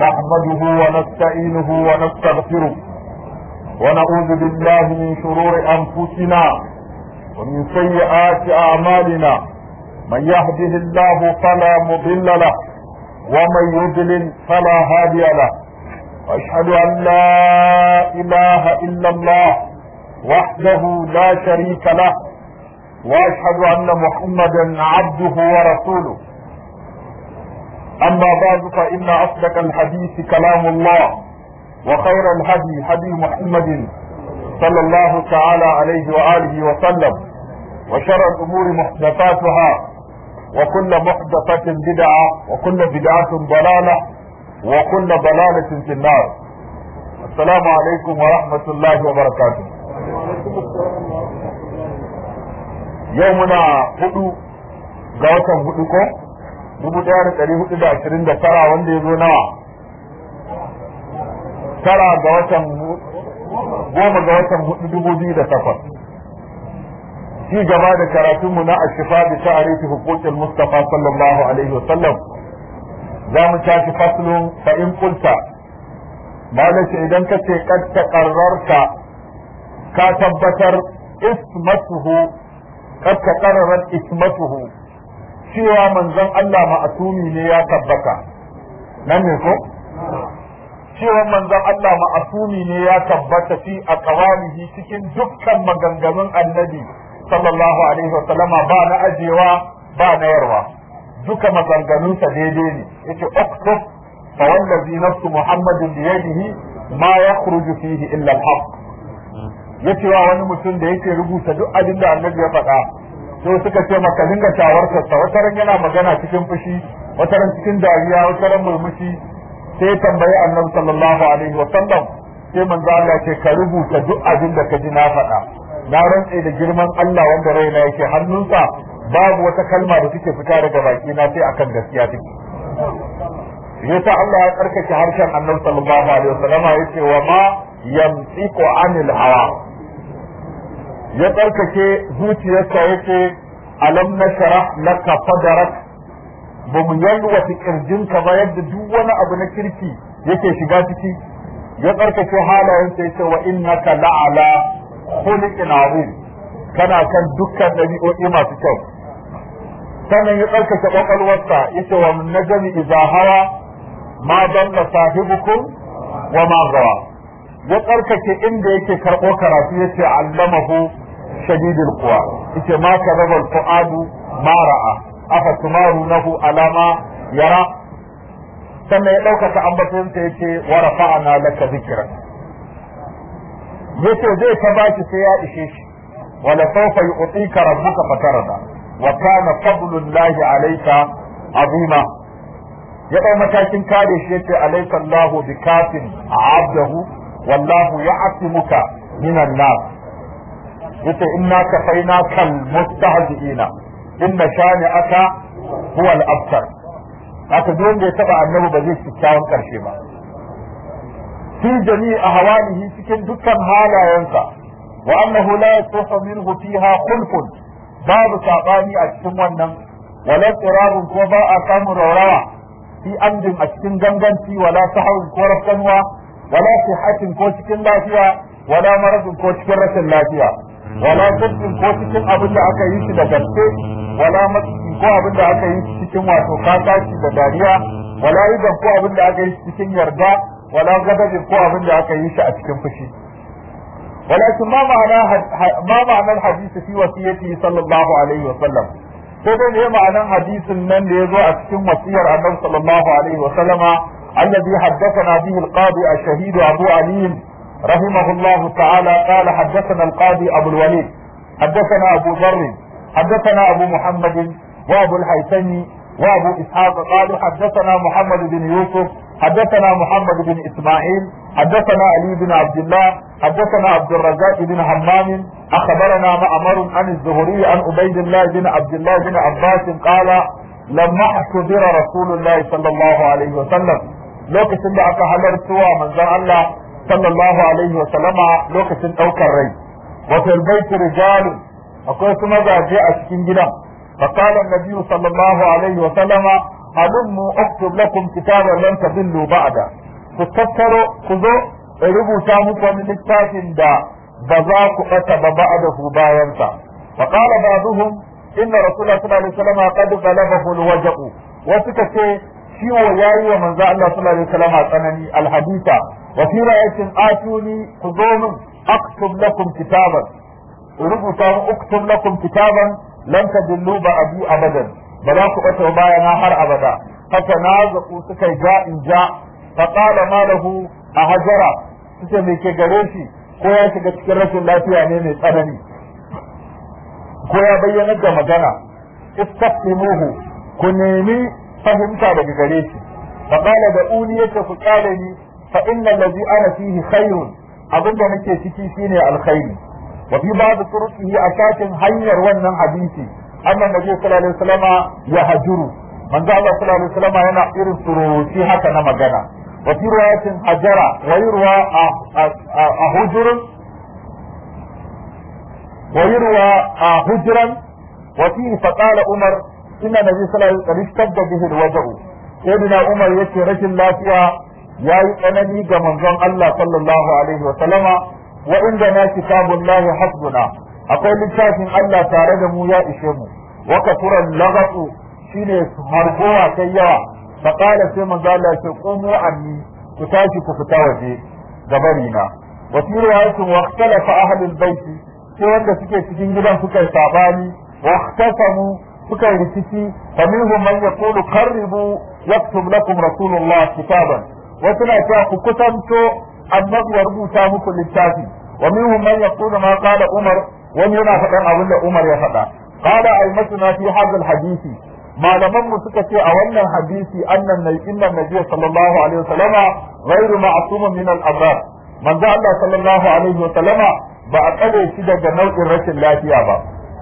نحمده ونستعينه ونستغفره ونعوذ بالله من شرور انفسنا ومن سيئات اعمالنا من يهده الله فلا مضل له ومن يضلل فلا هادي له واشهد ان لا اله الا الله وحده لا شريك له واشهد ان محمدا عبده ورسوله أما بعد فإن أصدق الحديث كلام الله وخير الهدي هدي محمد صلى الله تعالى عليه وآله وسلم وشر الأمور محدثاتها وكل محدثة بدعة وكل بدعة ضلالة وكل ضلالة في النار السلام عليكم ورحمة الله وبركاته يومنا هدو قوة هدوكم dubu ɗaya da ɗari hudu da ashirin da tara wanda ya zo nawa tara ga watan goma ga watan hudu dubu biyu da takwas Shi gaba da karatunmu na ashifa bi ta'arifi huquqil mustafa sallallahu alaihi wa sallam za mu tashi faslun fa in qulta malaka idan kace kad taqarrarta ka tabbatar ismatuhu kad taqarrarat ismatuhu cewa manzon Allah ma'asumi ne ya tabbata nan ne ko cewa manzon Allah ma'asumi ne ya tabbata fi a kawalihi cikin dukkan maganganun annabi sallallahu alaihi wa sallama ba na ajewa ba na yarwa duka maganganunsa daidai ne yace uktub fa wallazi nafsu muhammadin bi yadihi ma yakhruju fihi illa al-haq yace wa wani mutum da yake rubuta duk abin da annabi ya faɗa so suka ce maka dinga shawartar ta wata ran yana magana cikin fushi wata cikin dariya wata murmushi sai tambayi annabi sallallahu alaihi wa sallam sai manzo Allah ce ka rubuta duk abin da ka ji na faɗa na rantse da girman Allah wanda raina yake hannunsa babu wata kalma da take fita daga baki na sai akan gaskiya take yasa Allah ya karkace harshen annabi sallallahu alaihi wa sallama yace wa ma yamtiqu anil hawa ya tsarkake zuciyarsa yake alam nashrah laka sadrak ba mu yalwata kirjinka ba yadda duk wani abu na kirki yake shiga ciki ya tsarkake halayensa yace wa innaka la'ala khuluqin azim kana kan dukkan dabi'o'i masu kyau sannan ya tsarkake kwakwalwarsa yace wa min najmi idza hawa ma dalla sahibukum wa ma gawa ya tsarkake inda yake karɓo karatu "Allama, allamahu shadidul quwa yace ma kadaba fuadu ma ra'a afa tumarunahu alama yara sannan ya ɗaukaka ambaton ta yace wa rafa'ana laka dhikra yace zai ta baki sai ya ishe shi wala sawfa yu'tika rabbuka fatarda wa kana fadlullahi alayka azima ya ɗau matakin kare shi yace alayka kafin a abdahu wallahu ya ya'timuka muka nas yace inna kafaina kal mustahzi'ina inna shani'aka huwa al-abtar Aka duk ya taba annabi ba zai kyakkyawan karshe ba fi jami'i ahwalihi cikin dukkan halayensa wa annahu la yasuhu minhu fiha khulfun babu sabani a cikin wannan wala qirabun ko ba a samu rawa fi amdin a cikin ganganci wala sahawin ko rafkanwa wala sihatin ko cikin lafiya wala maradin ko cikin rashin lafiya wala sabin ko cikin abin da aka yi shi da gaske wala matsin ko abin da aka yi cikin wato kakaci da dariya wala idan ko abin da aka yi cikin yarda wala gadabin ko abin da aka yi shi a cikin fushi ولكن ما ma'ana ما معنى الحديث في وصيته sallallahu alaihi wa sallam ko dai ne ma'anan hadisin nan da yazo a cikin wasiyar Annabi sallallahu alaihi wa sallama alladhi haddathana bihi al-qadi ash-shahid Abu Ali رحمه الله تعالى قال حدثنا القاضي أبو الوليد حدثنا أبو ذر حدثنا أبو محمد وأبو الهيثمي وأبو إسحاق قال حدثنا محمد بن يوسف حدثنا محمد بن إسماعيل حدثنا علي بن عبد الله حدثنا عبد الرزاق بن همام أخبرنا مأمر عن الزهري عن عبيد الله بن عبد الله بن عباس قال لما احتضر رسول الله صلى الله عليه وسلم كنت اللي أكهلرتوا من الله sallallahu alaihi wa sallama lokacin daukar rai wato fil bait rijalu akwai kuma gaje a cikin gidan fa qala an-nabi sallallahu alaihi wa sallama halummu uktub lakum kitaban lan tadillu ba'da ku tattaro ku zo in rubuta muku wani littafin da ba za ku ɓata ba ba'dahu bayansa fa qala ba'dhum inna rasulullahi sallallahu alaihi wasallam qad balaghahu alwaja'u wa suka ce ciwo yayi wa manzo Allah sallallahu alaihi wasallam tsanani alhadisa. wa fi ra'atin atuni ku zo min aktub lakum kitaban rubuta mu aktub lakum kitaban lan tadillu ba abi abadan ba za ku bata baya na har abada haka na zaku suka ja in ja fa qala ma a hajara suka me ke gare shi ko ya shiga cikin rashin lafiya ne mai tsanani ko ya bayyana da magana istaqimuhu ku nemi fahimta daga gare shi fa da uni yace ku kyale ni fa inna allazi ana fihi khairun abinda nake ciki shine alkhairi wa fi ba'd turuqihi a cikin hanyar wannan hadisi annan nabi sallallahu alaihi wasallama ya hajuru manzo Allah sallallahu alaihi wasallama yana irin suruci haka na magana wa fi riwayatin hajara wa yurwa a hujurun wa yurwa a hujran wa fi faqala umar inna nabi sallallahu alaihi wasallam qad ishtadda bihi alwaja'u sayyidina umar yake rashin lafiya ya yi tsanani ga manzon Allah sallallahu alaihi wa sallama wa inda na kitabullahi hasbuna akwai littafin Allah tare da mu ya ishe mu wa kafuran lagatu ne harkowa ta yawa fa qala sai manzo Allah ya ce qumu anni ku tashi ku fita waje ga wa fi riwayatin wa ikhtalafa ahlul bait sai wanda suke cikin gidan suka sabani wa ikhtasamu suka rikici fa minhum man yaqulu qarribu yaktub lakum rasulullah kitaban wasu na cewa ku kusanto annabi ya rubuta muku littafi wa minhum man yaqulu ma qala umar wani yana faɗan abin da umar ya faɗa qala ay masna fi hadha hadisi malaman mu suka ce a wannan hadisi annan nai inna nabiyyu sallallahu alaihi wasallama ghairu ma'sumun min al-amrar manzo Allah sallallahu alaihi wasallama ba a kare shi daga nau'in rashin lafiya ba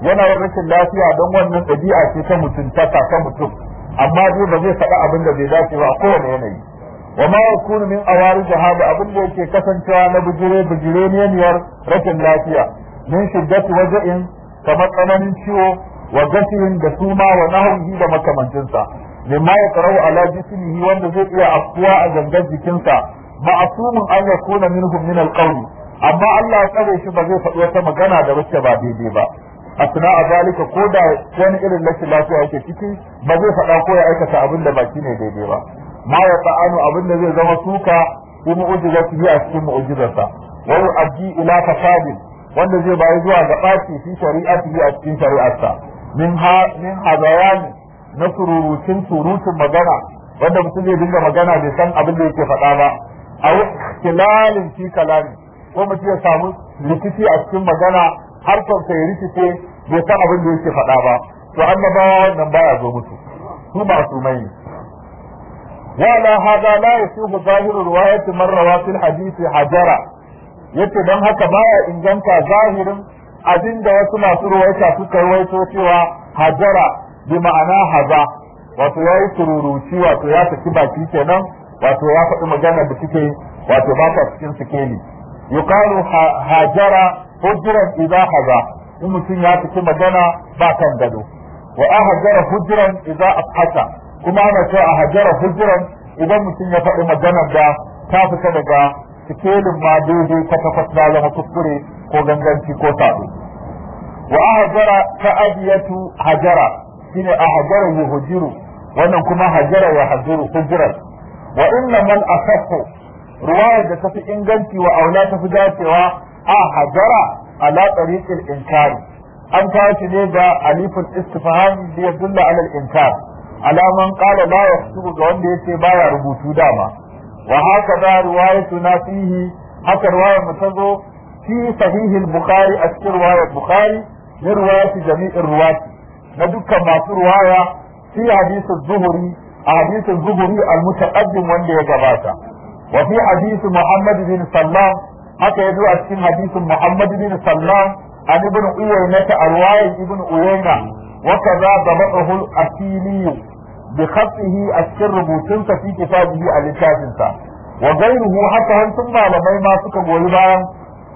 yana yin rashin lafiya don wannan dabi'a ce ta mutuntaka ta mutum amma dai ba zai faɗa abin da bai dace ba a kowane yanayi wa ma yakunu min awarij hada abin da yake kasancewa na bujire bujire ne rashin lafiya min shiddati waja'in kamar tsananin ciwo wa gasihin da suma wa hauhi da makamancinsa mimma ya karau ala jismihi wanda zai iya afkuwa a gangar jikinsa ma'asumin an yakuna minhum min alqawli amma Allah ya tsare shi ba zai faɗi wata magana da wacce ba daidai ba asna a zalika ko da wani irin rashin lafiya yake ciki ba zai faɗa ko ya aikata abin da baki ne daidai ba ma ya ta'anu abin da zai zama suka fi mu'ujizarsa a cikin mu'ujizarsa wa yu'addi ila fasadin wanda zai bayi zuwa ga ɓaci fi shari'atihi a cikin shari'arsa min ha min na sururucin surutun magana wanda mutum zai dinga magana bai san abin da yake faɗa ba a ikhtilalin fi kalami ko mutum ya samu rikici a cikin magana har sa ya rikice bai san abin da yake faɗa ba to annabawa wannan baya zo mutu. su ba su mai ne wala hada la yasihu zahiru riwayati man rawa fil hadisi hajara yace dan haka baya inganta zahirin abinda wasu masu ruwaita suka ruwaito cewa hajara bi ma'ana haza wato yayi tururuci wato ya saki baki kenan wato ya faɗi magana da suke wato ba ta cikin sikeli yuqalu hajara hujran idha haza in mutum ya saki magana ba kan gado wa hajara hujran idha afhata kuma ana so a hajjara fulfuran idan mutum ya faɗi maganar da ta fita daga sikelin ma daidai kwata kwata zama kuskure ko ganganci ko sabo wa hajjara ta ajiyatu hajjara shine a hajjara yuhujiru wannan kuma hajjara ya hajjuru hujjiran wa inna man asaffu ruwayar da tafi inganci wa aula tafi dacewa a hajjara ala tariqil inkari an tashi ne da alifin istifham da yadulla ala inkar alaman qala la yaktubu ga wanda ya ba baya rubutu dama wa haka da riwayatu na fihi haka riwaya mutazo fi sahihi al-bukhari a cikin riwayar bukhari ne riwayati jami'in riwayati na dukkan masu Ruwaya fi hadisi zuhuri a hadisi zuhuri al-mutaqaddim wanda ya gabata wa fi hadisi muhammad bin sallam haka zo a cikin hadisin muhammad bin sallam an ibn uwayna ta arwayin ibn uwayna وكذا ضبطه الأسيلي بخطه السر بوتنسى في كتابه على الكاتنسى وغيره حتى هنتم معلمين ما سكب ويبعا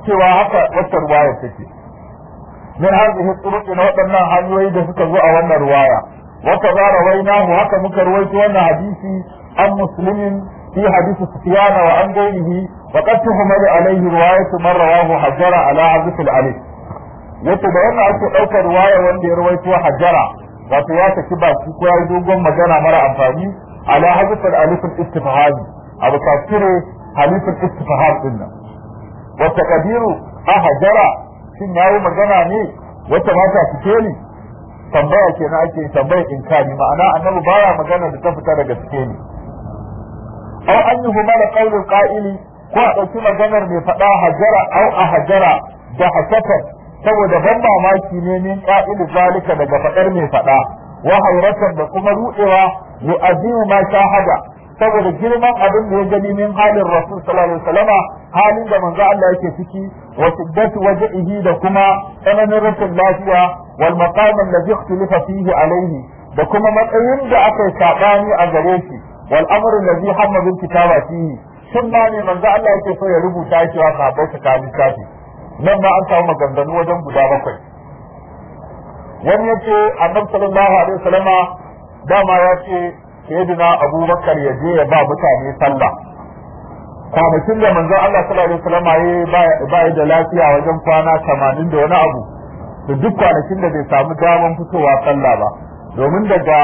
سوى حتى وكر رواية تكي من هذه الطرق إن وقتنا ويدا ده سكب وانا رواية وكذا رويناه حتى مكرويت وانا حديثي عن مسلم في حديث سفيان وعن غيره وقد تهمل عليه رواية من رواه حجر على عزف الألف يتبعون أن تؤكد رواية وانا يرويتها حجرة wato ya saki baki ko ya yi dogon magana mara amfani ala hazfar alifin istifhami abu kafire halifin istifham din nan wata kabiru ahajara shin yi magana ne wata mata fice ne tambaya kenan ake tambaya in kani ma'ana annabu baya magana da ta fita daga fice ne aw an yi humala qaulul qa'ili ko a ɗauki maganar mai faɗa hajara a ahajara da hasafa saboda ban mamaki ne min qa'ilu zalika daga fadar mai fada wa hauratan da kuma rudewa yu'azimu ma shahada saboda girman abin da ya gani min halin rasul sallallahu alaihi wasallama halin da manzo Allah yake ciki wa shiddatu wajhihi da kuma tsananin rashin lafiya wal maqam alladhi ikhtalafa fihi alaihi da kuma matsayin da aka sabani a gare shi wal amr alladhi hamma bil kitaba fihi shin ne manzo Allah yake so ya rubuta shi wa sahabbai su kafi nan ma an samu maganganu wajen guda bakwai wani ya ce annabi sallallahu alaihi wasallama dama ya ce sayyidina abubakar ya je ya ba mutane sallah kwanakin da manzon Allah sallallahu alaihi ya ba da lafiya wajen kwana 80 da wani abu da duk kwanakin da bai samu daman fitowa sallah ba domin daga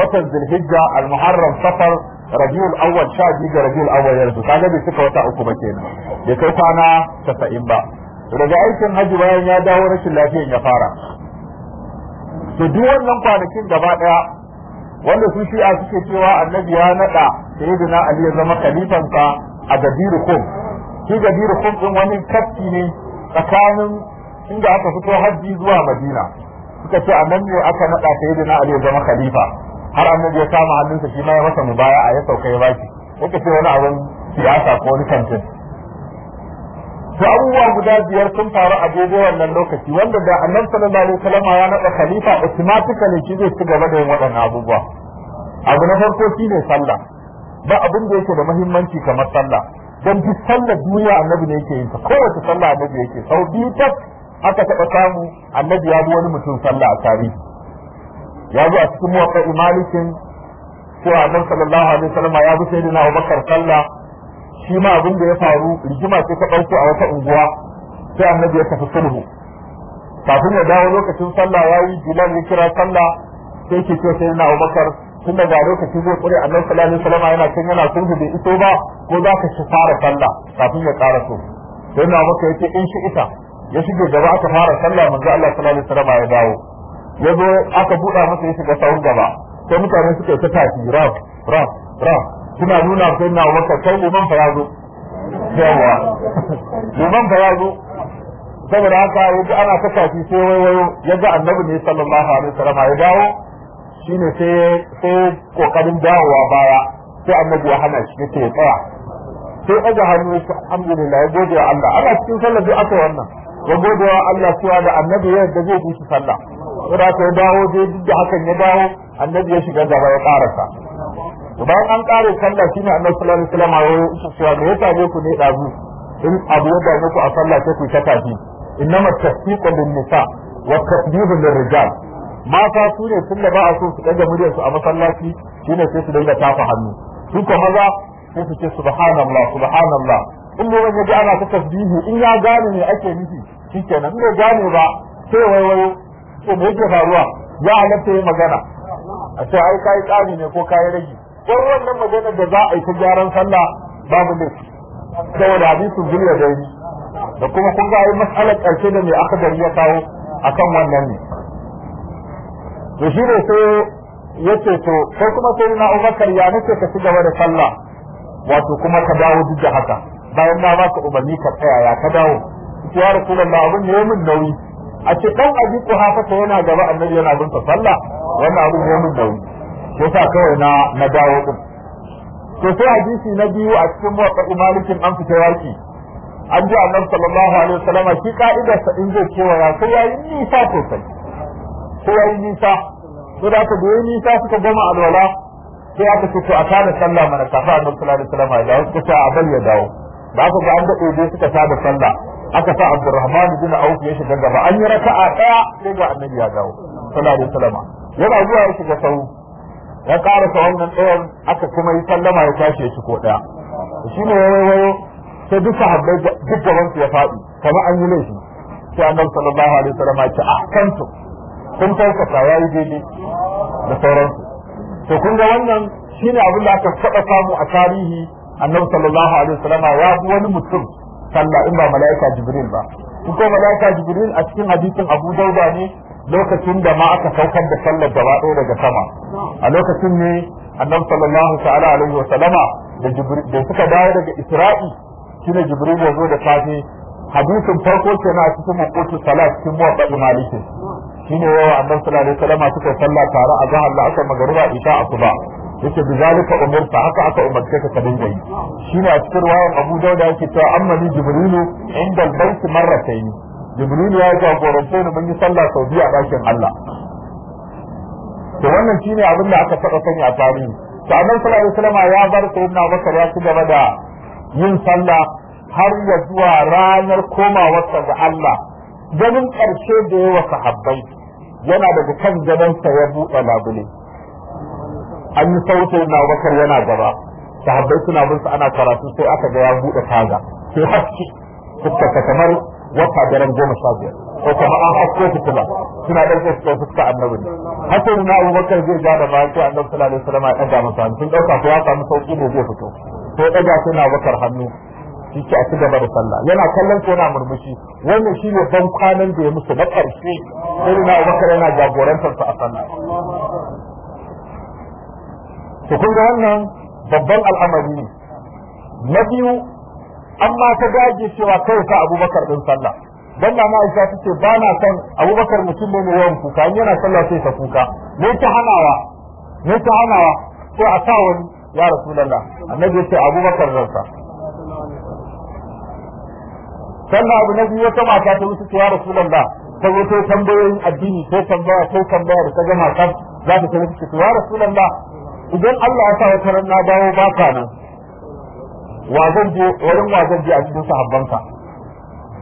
watan zulhijja al-muharram safar rabiul awwal sha biyu da rabiul awwal yanzu kaga bai cika wata uku ba kenan bai kai kwana 90 ba daga aikin haji bayan ya dawo rashin lafiyan ya fara to duk wannan kwanakin gaba daya wanda su shi'a suke cewa annabi ya nada sayyidina ali ya zama khalifansa a gadiru kum shi gadiru kum din wani kafti ne tsakanin inda aka fito harji zuwa madina suka ce a nan ne aka nada sayyidina ali ya zama khalifa har annabi ya kama hannunsa shi ma ya masa mubaya'a ya sauka ya baki yake ce wani abin siyasa ko wani kantin to abubuwa guda biyar sun faru a gobe wannan lokaci wanda da annan sallallahu alaihi wasallam ya naɗa khalifa automatically shi zai ci gaba da yin waɗannan abubuwa abu na farko shine sallah ba abin da yake da mahimmanci kamar sallah don duk sallar duniya annabi ne yake yin ta kowace sallah annabi yake sau biyu ta aka taɓa samu annabi ya bi wani mutum sallah a tarihi ya zo a cikin muwaƙa imalikin a annabi sallallahu alaihi wasallam ya bi sayyidina Abubakar sallah shi ma abin da ya faru rigima ce ta ɗauko a wata unguwa sai annabi ya tafi sulhu kafin ya dawo lokacin sallah ya yi bilal ya kira sallah sai ke ce sai na abubakar tun da lokaci zai kure annabi sallallahu alaihi wasallam yana cin yana sulhu bai iso ba ko za ka shi fara sallah kafin ya ƙara so sai na abubakar ya ce in shi ita ya shige gaba aka fara sallah manzo Allah sallallahu alaihi wasallam ya dawo ya zo aka buɗa masa ya shiga sahur gaba sai mutane suka ta tafi raf raf raf suna nuna sai wata kai uban fara zo yawa uban fara zo saboda haka yaji ana saka shi sai waiwayo yaga annabi ne sallallahu alaihi wasallam ya dawo shine sai sai kokarin dawowa baya sai annabi ya hana shi yake tsaya sai aga hannu shi alhamdulillah ya gode wa Allah ana cikin sallar da aka wannan ya gode wa Allah cewa da annabi ya yarda zai kusa sallah saboda haka ya dawo dai duk da hakan ya dawo annabi ya shiga gaba ya karasa to bayan an kare sallah ne annabi sallallahu alaihi wasallam ya cewa me yasa ne ku ne dazu in abu da muku a sallah sai ku shi innama tasfiqu nisa wa tasbihu lir rijal mata su ne tunda ba a so su ɗaga muryarsu a masallaci shine sai su dinga tafa hannu su ko maza sai su ce subhanallah subhanallah in ne wani ga ana ta tasbihu in ya gane ne ake nufi shikenan in bai gane ba sai wai wai to me yake faruwa ya halatta magana a ce ai kai tsari ne ko kai rage don wannan magana da za a yi ta gyaran sallah babu ne saboda hadisin zulla da yi da kuma kun ga yi matsalar ƙarshe da mai aka ya kawo akan wannan ne to shi ne sai ya ce to sai kuma sai na Abubakar ya nake ka ci gaba da sallah wato kuma ka dawo duk da haka bayan na ba ka umarni ka tsaya ya ka dawo ya da abin ne min nauyi a ce abin ku hafata yana gaba annabi yana bin sallah wannan abin ne min nauyi ko sa kawai na na dawo din to sai hadisi na biyu a cikin muwaffaq malikin an fita yaki an ji annabi sallallahu alaihi wasallam shi ka'idar sa in zai kewa ya sai yayi nisa sosai sai yayi nisa ko da ka da nisa suka gama alwala sai aka ce to a kana sallah mana kafa annabi sallallahu alaihi wasallam ya dawo a bal ya dawo da aka ga an dade dai suka da sallah aka sa Abdurrahman bin Auf ya shiga gaba an yi raka'a daya sai ga annabi ya dawo sallallahu alaihi wasallam yana zuwa ya shiga sau ya sa wannan ɗayan aka kuma yi sallama ya tashi ya ci ko ɗaya shi ne wayo sai duk sahabbai duk gaban su ya faɗi Kama an yi laifi sai annabi sallallahu alaihi wasallam ya ce ahkantu kun tausasa yayi daidai da sauransu to kun ga wannan shine abin da aka saba samu a tarihi annabi sallallahu alaihi wasallam ya bi wani mutum sallah in ba mala'ika jibril ba kuma mala'ika jibril a cikin hadisin abu dauda ne lokacin da ma aka saukar da sallar gaba ɗaya daga sama a lokacin ne annabi sallallahu ta'ala alaihi wa sallama da jibril da suka dawo daga isra'i shine jibril ya zo da safe hadisin farko kenan a cikin makotu salat cikin muwaddadi maliki shine yawa annabi sallallahu alaihi wa sallama suka sallah tare a zahar la'asar magariba isha asuba yake bi zalika umirta haka aka umarce ka dinga yi shine a cikin Abuja Abu Dawud yake cewa amma ni jibrilu inda al marratayn jibril ya jagorance ni mun yi sallah sau biyu a ɗakin Allah to wannan shine abin da aka faɗa sani a tarihi to annabi sallallahu alaihi wasallam ya bar sayyidina Abubakar ya ci gaba da yin sallah har ya zuwa ranar komawarsa ga Allah ganin ƙarshe da yawa sahabbai yana daga kan gabansa ya buɗe labule an yi sauke na bakar yana gaba sahabbai suna bin ana karatu sai aka ga ya buɗe kaza sai haske kuka kamar wata daren goma sha biyar ko kuma an hasko fitila suna ɗauke su kai suka annabi ne hasan na abubakar zai ja da baki annabi sallallahu alaihi wasallam ya ɗaga masa sun ɗauka ko ya samu sauki ne zai fito ko ɗaga sai na bakar hannu shi ke a ci gaba da sallah yana kallon ko yana murmushi wannan shi ne ban kwanan da ya musu na ƙarshe sai na abubakar yana jagorantar su a sallah to kun ga wannan babban al'amari ne na biyu amma ta gaje cewa kai ka abubakar din sallah dan na Aisha ta ce ba na san abubakar mutum ne mai yawan kuka in yana sallah sai ka kuka ne ta hanawa ne ta hanawa sai a sa wani ya rasulullah annabi ya ce abubakar sa sannan abu na biyu wata mata ta wuce ya rasulullah ta wuce tambayoyin addini ko tambaya ko tambaya da ta gama kan za ta wuce ya rasulullah idan Allah ya sa wata na dawo ba ka nan wa zan je wurin wa je a cikin sahabbanka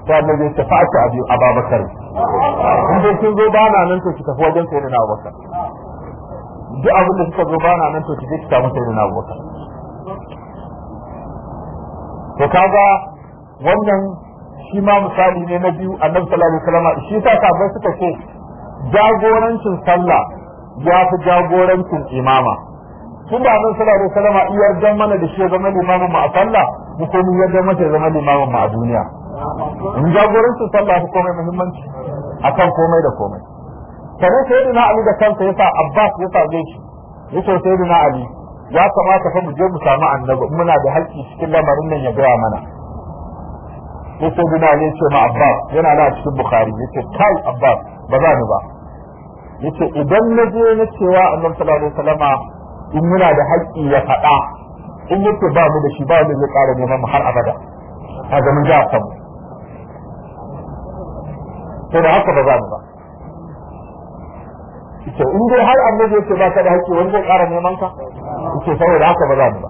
ta annabi ya tafi a biyu ababakar in dai kin zo ba na nan to ki tafi wajen na abubakar duk abin da suka zo ba na nan to ki je ki samu na abubakar to kaga wannan shi ma misali ne na biyu annabi sallallahu alaihi wasallam shi ta sabai suka ce jagorancin sallah ya fi jagorancin imama tun da annabi sallallahu alaihi wasallam iya yarda mana da shi zama limamin mu a sallah mu ko mu yarda mata zama limamin mu a duniya in jagoranci sallah ko komai muhimmanci akan komai da komai sannan sayyidina ali da kansa yasa abbas ya same shi yace sayyidina ali ya kamata fa mu je mu samu annabi muna da haƙƙi cikin lamarin nan ya gaya mana yace bin Ali yace ma Abbas yana da cikin Bukhari yace kai Abbas ba za ni ba yace idan na je na cewa Annabi sallallahu alaihi wasallama in muna da haƙƙi ya faɗa in yake ba mu da shi ba wanda zai ƙara neman mu har abada a zaman za a samu to da haka ba za mu ba ce in dai har annabi yake ba ka da haƙƙi wani zai ƙara neman ka ce saboda haka ba za mu ba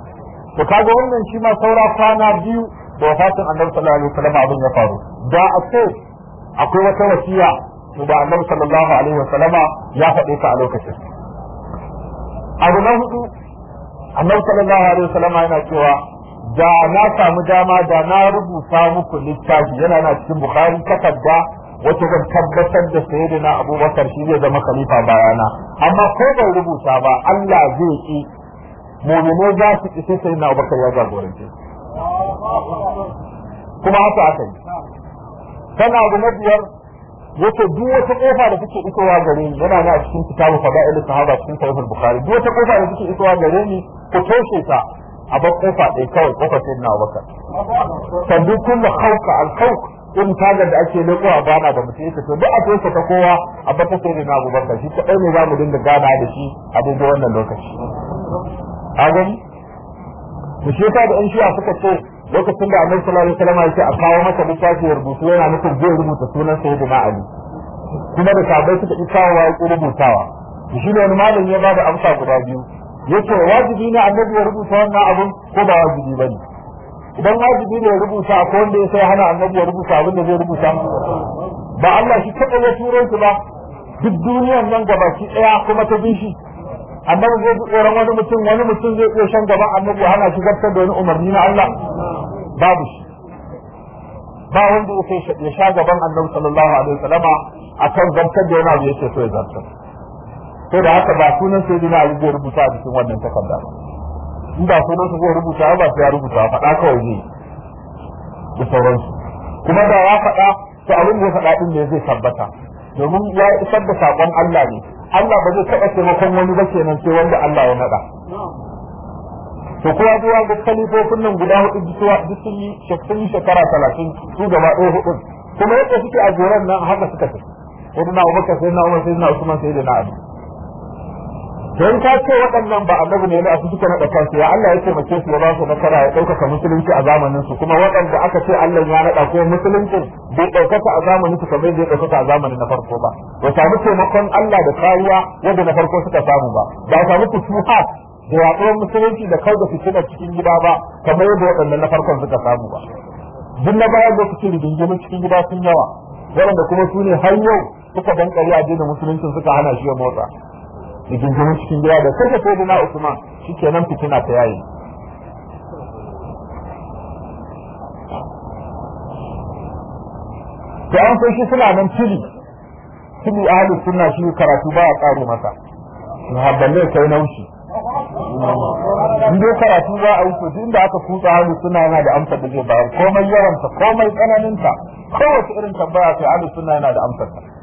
to kaga wannan shi ma saura kwana biyu da wafatin annabi sallallahu alaihi wasallam abin ya faru da a ce akwai wata wasiya to da annabi sallallahu alaihi wasallama ya faɗe ta a lokacin abu na hudu annabi sallallahu alaihi wasallam yana cewa da na samu dama da na rubuta muku littafi yana na cikin bukhari takarda wacce zan tabbatar da sayyidina abubakar shi zai zama khalifa bayana amma ko bai rubuta ba Allah zai ki mu'mine za su ki sai sayyidina abubakar ya jagorance kuma haka aka yi sannan abu na yace duk wata kofa da kuke isowa gare ni yana na cikin kitabu fada'il sahaba cikin sahihul bukhari duk wata kofa da kuke isowa gare ni ku toshe ta a ba kofa ɗaya kawai kofa ce na baka sandu da khawqa al khauk irin tagar da ake leko a gana da mutum yake to duk a toshe ta kowa a ba ta sai na abubakar shi kadai ne za mu dinga gana da shi a daidai wannan lokaci a gani Mu shi yasa da an shiya suka ce lokacin da annabi sallallahu alaihi wasallam ya ce a kawo masa littafi ya rubutu yana nufin zai rubuta sunan sayyidina ali kuma da sabai suka yi kawowa ya rubutawa shi ne wani malam ya da amsa guda biyu yace wajibi ne annabi ya rubuta wannan abun ko ba wajibi bane idan wajibi ne ya rubuta ko wanda ya sai hana annabi ya rubuta abin da zai rubuta ba Allah shi kaɗai ya turo shi ba duk duniyar nan gaba gabaki ɗaya kuma ta bin shi amma zai zo tsoron wani mutum wani mutum zai iya shan gaban annabi hana shi gabtar da wani umarni na Allah babu shi ba wanda yake ya sha gaban annabi sallallahu alaihi wasallama kan zartar da wani abu yake so ya zartar to da haka ba sunan sai dina abu zai rubuta a cikin wannan takarda in ba sunan su zai rubuta ba sai ya rubuta faɗa kawai ne da sauransu kuma da ya faɗa to abin da ya faɗa din ne zai tabbata domin ya isar da saƙon Allah ne Allah ba zai taɓa taimakon wani ba kenan sai wanda Allah ya naɗa. to kowa zuwa ga kalifofin nan guda hudu duk sun yi shekara talatin su gaba ɗaya hudun kuma yadda suke a goron nan haka suka ce. Wani na Abubakar sai na Umar sai na Usman sai na Abu. don ka ce waɗannan ba annabi ne a suka naɗa kansu ya Allah ya taimake su ya ba su nasara ya ɗaukaka musulunci a zamanin su kuma waɗanda aka ce Allah ya naɗa ko musulunci bai ɗaukaka a zamanin su kamar bai ɗaukaka a zamanin na farko ba ba samu taimakon Allah da kariya yadda na farko suka samu ba ba samu kusuha da yaɗuwar musulunci da kauda fitina cikin gida ba kamar yadda waɗannan na farkon suka samu ba duk na bayan da rigingimin cikin gida sun yawa waɗanda kuma su ne har yau suka dankari addinin musulunci suka hana shi ya motsa rigingimin cikin gida da saka ko na Usman nan fitina ta yayi da an sai shi suna nan tili a ahli suna shi karatu ba a karo masa muhabbalai sai naushi in dai karatu za a wuce duk inda aka kutsa hannu suna yana da amsar da zai bayar komai yawanta komai tsananinta kowace irin tambaya sai hannu suna yana da amsar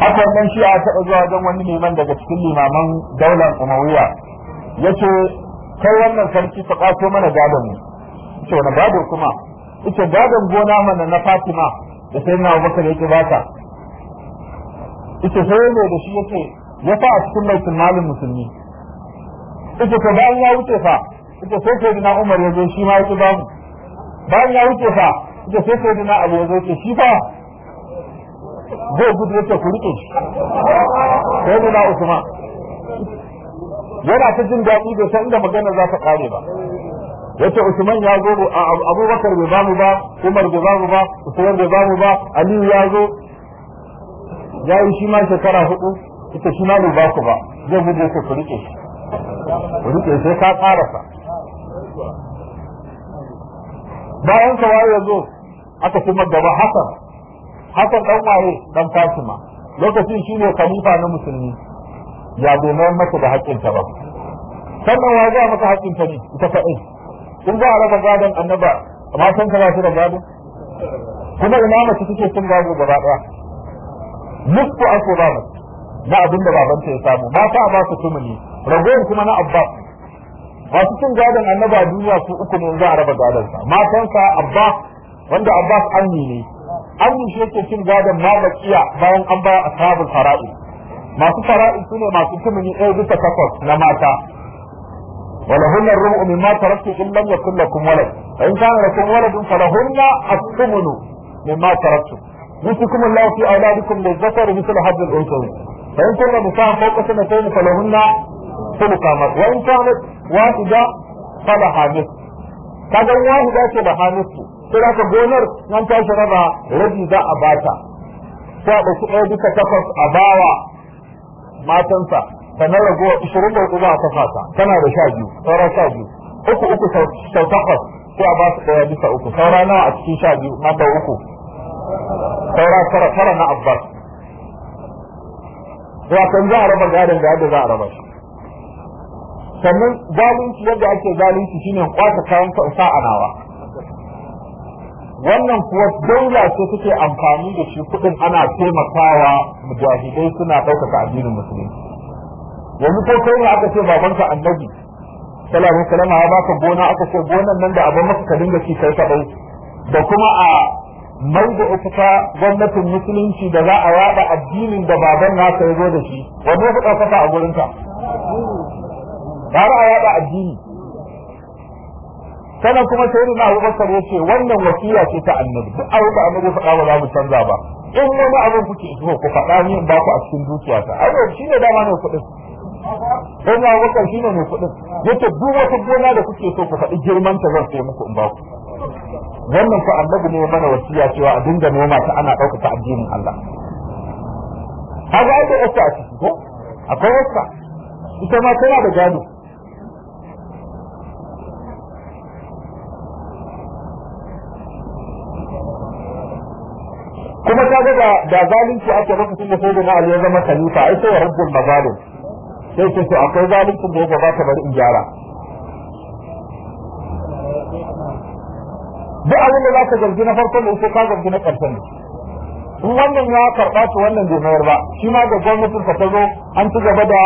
hakan nan shi ya taɓa zuwa don wani neman daga cikin limaman daular umawiya ya ce kai wannan sarki ta ƙwato mana gadon mu ce wani gado kuma ita gadon gona mana na fatima da sai na abubakar ya ba ta ita sai ne da shi yake ya fa a cikin laifin malin musulmi ita ta bayan ya wuce fa ita sai sai na umar ya zo shi ma ya ba mu bayan ya wuce fa ita sai sai na abu ya zo ce shi fa zai gudu yake ku rike shi sai ne na usman yana ta jin daɗi da san inda magana za ta kare ba yace usman ya zo abubakar bai bamu ba umar bai bamu ba usman bai bamu ba aliyu ya zo ya yi shi ma shekara hudu ita shi ma bai ba ku ba zai gudu yake ku rike shi ku rike sai ka sa bayan kawai ya zo aka kuma gaba hasan hakan dan waye dan fatima lokacin shine khalifa na musulmi ya domin masa da ta ba sannan wa ga maka haƙƙinta ne ita kaɗai kun za a raba gadon annaba amma san ka shi da gado kuma ina mace take cin gado gaba ɗaya nisfu ake ba na abin da babanta ya samu mata ba su kuma tumuli ragowar kuma na abba masu cin gadon annaba duniya su uku ne za a raba gadon sa matansa abba wanda abbas an ne an shi yake cin gadon malakiya bayan an ba ashabul fara'i masu fara'i sune masu tumuni ɗaya bisa takwas na mata ولهن الرمع مما تركتم إن لم يكن لكم ولد فإن كان لكم ولد فلهن الثمن مما تركتم يوصيكم الله في أولادكم للذكر مثل حظ الأنثيين فإن كن نساء فوق سنتين فلهن ثلث ما وإن كانت واحدة فلها نصف kaga wahida ce da hannunsu sai haka gonar nan tashi raba rabi za a bata sai da su ɗaya duka takwas a bawa matansa na ragowa ishirin da uba a kafasa. tana da sha biyu saura sha biyu uku uku sau takwas sai a ba su ɗaya duka uku saura nawa a cikin sha biyu mata uku saura tara tara na abbas wato za a raba gadon da yadda za a raba shi sannan zalunci yadda ake zalunci shine kwata kayan ka sa a nawa wannan kuwa daula ce suke amfani da shi kuɗin ana taimakawa mujahidai suna ɗaukaka addinin musulunci yanzu ko kai ne aka ce babanka annabi sallallahu alaihi ya baka gona aka ce gonan nan da abin maka ka dinga ci kai kadai da kuma a mai ita gwamnatin musulunci da za a yada addinin da baban naka ya zo da shi wanda ya fi ɗaukaka a gurinka ba a yada addini sannan kuma sai na ya ce wannan wasiya ce ta annabi duk abu da annabi faɗa ba za mu canza ba in wani abin kuke so ku faɗa ni in ba ku a cikin dukiyata ai shine dama ne kuɗin sai na Abubakar shi ne kuɗin yace duk wata gona da kuke so ku faɗi girman ta zan sai muku in ba ku wannan fa annabi ne mana wasiya cewa a dinga noma ta ana ɗaukaka addinin Allah haka ai wasu a ciki ko akwai wasa ita ma tana da gado ka ga da zalunci ake maka tunda sai da Ali ya zama khalifa ai sai rabbul mazalim sai ce to akwai zalunci da ya gabata bari in gyara duk abin da zaka zargi na farkon ne sai ka zargi na karshen in wannan ya karɓa to wannan bai mayar ba shi ma da gwamnatin ta zo an ci gaba da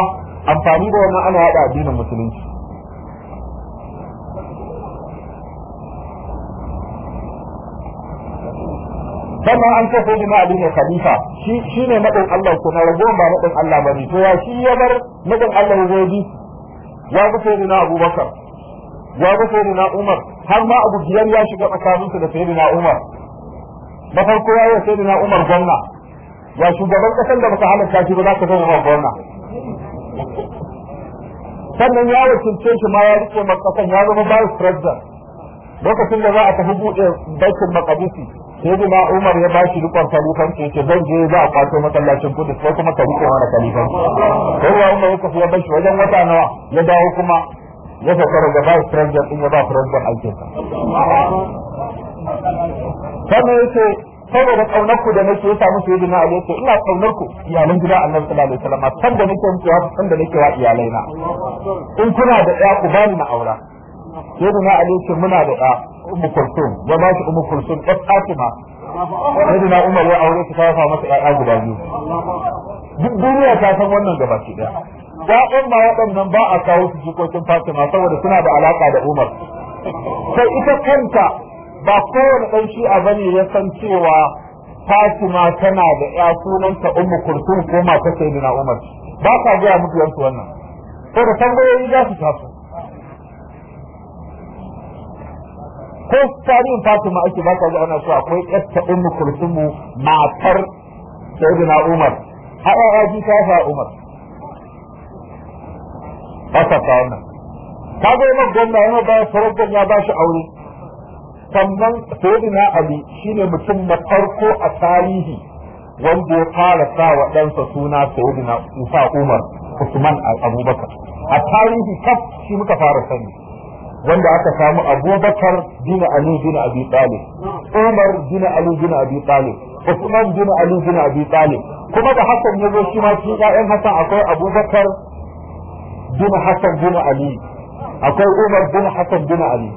amfani da wannan ana haɗa addinin musulunci bama an kafa da ma'ali ne khalifa shi shine madin Allah kuma ragowar ba madin Allah bane to ya shi ya bar madin Allah ya zodi ya ga sayyidina Abubakar ya ga sayyidina Umar har ma Abu Biyar ya shiga tsakaninsu da sayyidina Umar na farko ya yi sayyidina Umar gwamna ya shugaban kasan da baka halarta shi ba za ka sannan ya wakilce shi ma ya rike makasan ya zama vice president lokacin da za a tafi buɗe baitul maqdisi sai ma Umar ya bashi rikon ke ke zan je za a kwato masallacin Kudus ko kuma ka rike mana kalifanci sai ya Umar ya tafi ya bashi wajen wata nawa ya dawo kuma ya sauka da vice president din ya ba president aikinsa sannan yake saboda kaunar ku da nake ya samu sayyidi na Ali ina kaunar ku iyalan gida Annabi sallallahu alaihi wasallam san da nake muku san da nake wa iyalaina in kuna da ya ku bani na aura sai da ali ce muna da ɗa ummu kulsum ya ba shi ummu ɗan fatima sai na umar ya aure ta fara masa ƴaƴa guda biyu duk duniya ta san wannan gaba ki ɗaya ɗan ma waɗannan ba a kawo su jikokin fatima saboda suna da alaƙa da umar sai ita kanta ba kowane ɗan shi'a bane ya san cewa fatima tana da ƴa sunanta ummu kulsum ko da na umar ba ka gaya mutuwarsu wannan saboda tambayoyi za su taso ko tarihin fatima ake ba ka ji ana so akwai ƙasta ummu kulsumu matar sayyidina umar har ya ji ta fa umar haka ta wannan ta ga umar gwamna yana ba sarautar ya ba shi aure sannan sayyidina ali shine mutum na farko a tarihi wanda ya fara sa wa ɗansa suna sayyidina ufa umar usman abubakar a tarihi kaf shi muka fara sani wanda aka samu abubakar dina ali dina abi talib umar dina ali dina abi talib usman dina ali dina abi talib kuma da hasan ya zo shi ma cikin ƴaƴan hasan akwai abubakar dina hasan dina ali akwai umar dina hasan dina ali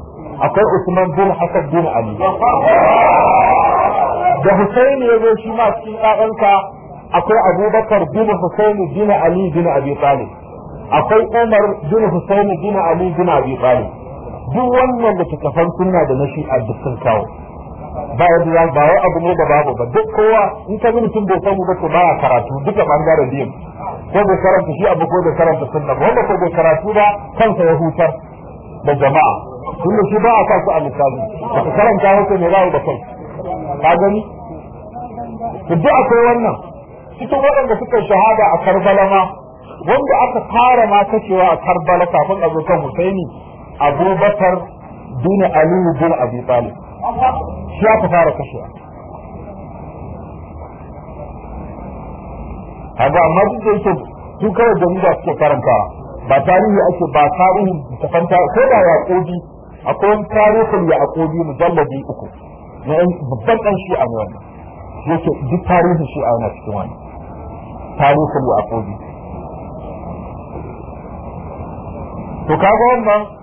akwai usman dina hasan dina ali da husaini ya zo shi ma cikin ƴaƴanka akwai abubakar dina husaini dina ali dina abi talib akwai umar dina husaini dina ali dina abi talib duk wannan da takafan suna da nashi a duk sun kawo ba yadda za ba wai abu ne da babu ba duk kowa in ka ji mutum bai sani ba to ba karatu duka bangare biyu ko bai karanta shi abu ko bai karanta sunna ba wanda ko bai karatu ba kansa ya hutar da jama'a tunda shi ba a sa su a misali ba ka karanta haka ne za da kai ka gani to duk akwai wannan cikin waɗanda suka shahada a karbala ma wanda aka fara ma kashewa a karbala kafin a zo kan husaini abubakar bin aliyu bin abi talib shi aka fara kashewa kaga amma duk da yake su kawai jarida suke karantawa ba tarihi ake ba tarihi ta fanta ko da yaƙobi akwai tarihin ya yaƙobi mujalladi uku na yan babban ɗan shi a wannan yake duk tarihin shi a wannan cikin wani tarihin ya yaƙobi to kaga wannan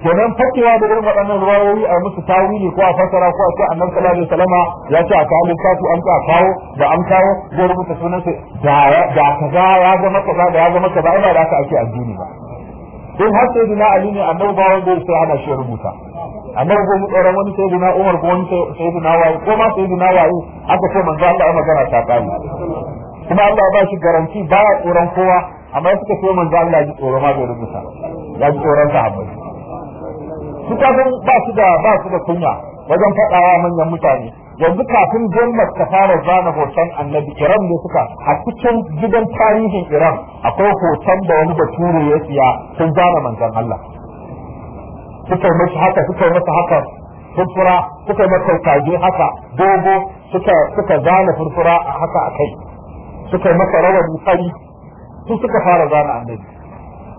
kenan fakewa da irin waɗannan ruwayoyi a musu tawili ko a fasara ko a ce annabi sallallahu alaihi wasallama ya ce a kawo littafi an ce a kawo da an kawo zai rubuta sunan sa da da ga ya zama kaza da ya zama kaza ina da aka ake addini ba in har sai dina ali ne annabi ba wanda ya ana shi rubuta annabi ko tsoron wani sai dina umar ko wani sai dina wayo ko ma sai dina wayo aka ce manzo Allah ya magana ta kai kuma Allah ba shi garanti ba ya tsoron kowa amma suka ce manzo Allah ya ji tsoro ma bai rubuta ya ji tsoron sahabbai su kafin ba su da ba su da kunya wajen faɗawa manyan mutane yanzu kafin gwamnati ta fara zana hoton annabi iran ne suka a cikin gidan tarihin iran akwai hoton da wani bature ya siya sun zana manzon allah suka yi masa haka suka yi masa haka furfura suka yi masa kage haka dogo suka suka zana furfura a haka a kai suka yi masa rawani fari su suka fara zana annabi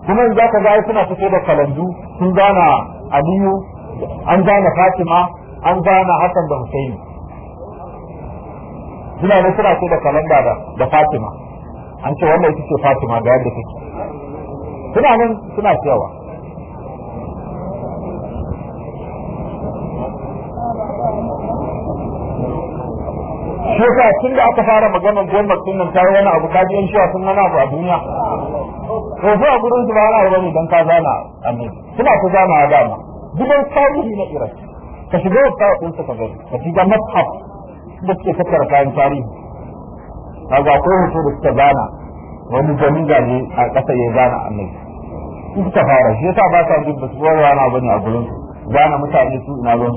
kuma za ka ga suna fito da kalandu sun zana aliyu an gane fatima an gane hassan da husaini suna ne suna ce da kalanda da fatima an ce wannan ita ce fatima ga yadda take suna nan suna cewa shi yasa tun da aka fara maganar gwamnat din nan tare wani abu kaji yan shiwa sun wani abu a duniya to fa a gurin su ba wani abu bane dan ka zana annabi suna ta zana a dama gidan tarihi na Iran ka shiga wata kun suka gani ka shiga mashaf da suke tattara kayan tarihi kaga akwai hoto da suka gana wani jami'a ne a ƙasa ya gana annabi in suka fara shi yasa ba sa jin basu wani rana bane a gurin gana mutane su ina ruwan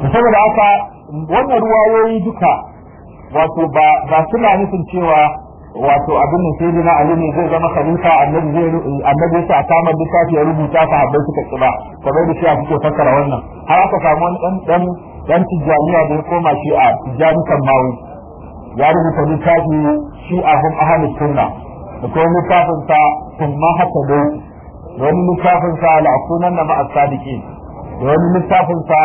su saboda haka wannan ruwayoyi duka wato ba suna nufin cewa wato abin da sai na alimi zai zama khalifa annabi zai annabi sai a kama littafi ya rubuta ka habbai suka kiba kamar da shi suke fakara wannan har aka samu wani dan dan dan tijaniya da ya koma shi a tijani mawu ya rubuta littafi shi a hum ahli sunna da kuma littafin sa ma haka dai da wani littafin sa al'asunan na ma'a sadiki da wani littafin sa